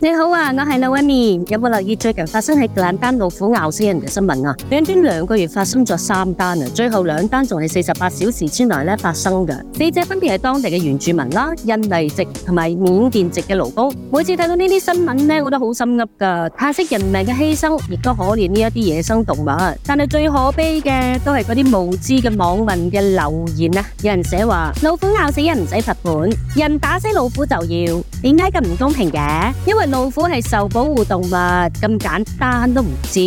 你好啊，我係 Melody，有冇留意最近發生喺兩單老虎咬死人嘅新聞啊？短短兩個月發生咗三單啊，最後兩單仲係四十八小時之內咧發生嘅。死者分別係當地嘅原住民啦、印尼籍同埋緬甸籍嘅勞工。每次睇到呢啲新聞呢，我都好心噏噶，嘆息人命嘅犧牲，亦都可憐呢一啲野生動物。但係最可悲嘅都係嗰啲無知嘅網民嘅留言啊！有人寫話老虎咬死人唔使罰款，人打死老虎就要，點解咁唔公平嘅？因為老虎係受保護動物咁簡單都唔知。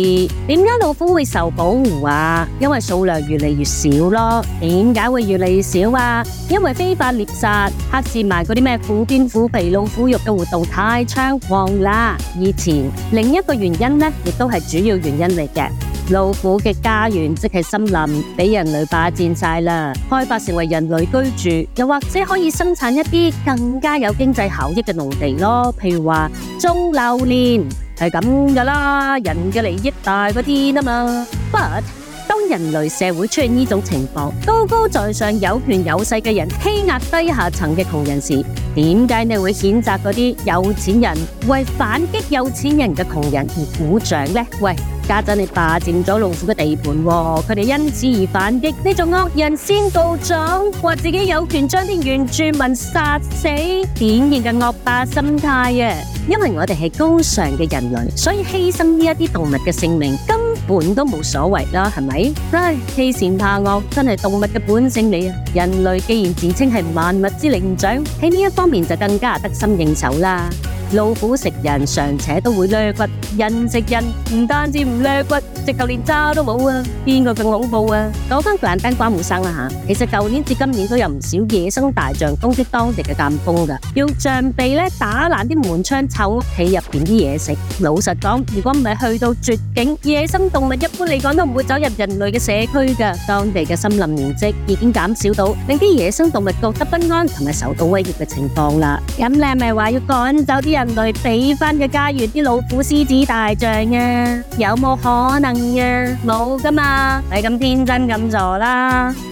點解老虎會受保護啊？因為數量越嚟越少咯。點解會越嚟越少啊？因為非法獵殺、黑市賣嗰啲咩虎鞭、虎皮、老虎肉嘅活動太猖狂啦。以前另一個原因呢，亦都係主要原因嚟嘅。老虎嘅家園即係森林，俾人類霸占晒，啦開發成為人類居住，又或者可以生產一啲更加有經濟效益嘅農地咯，譬如話種榴蓮係咁噶啦，人嘅利益大過天啊嘛。But 當人類社會出現呢種情況，高高在上有權有勢嘅人欺壓低下層嘅窮人時，點解你會譴責嗰啲有錢人為反擊有錢人嘅窮人而鼓掌呢？喂，家陣你霸佔咗老虎嘅地盤，喎、哦、佢哋因此而反擊，你做惡人先告狀，話自己有權將啲原住民殺死，典型嘅惡霸心態啊！因為我哋係高尚嘅人類，所以犧牲呢一啲動物嘅性命。本都冇所謂啦，係咪？唉，欺善怕惡真係動物嘅本性嚟。人類既然自稱係萬物之靈長，喺呢一方面就更加得心應手啦。老虎食人，尚且都會勒骨；人食人，唔單止唔勒骨，直頭連渣都冇啊！邊個更恐怖啊？講返關丹，瓜無生啦吓！其實舊年至今年都有唔少野生大象攻擊當地嘅甘榜噶，用象鼻咧打爛啲門窗，湊屋企入邊啲嘢食。老實講，如果唔係去到絕境，野生動物一般嚟講都唔會走入人類嘅社區噶。當地嘅森林面積已經減少到令啲野生動物覺得不安同埋受到威脅嘅情況啦。飲靚咪話要趕走啲人。人類比翻嘅家園啲老虎、獅子、大象啊，有冇可能啊？冇㗎嘛，咪咁天真咁做啦！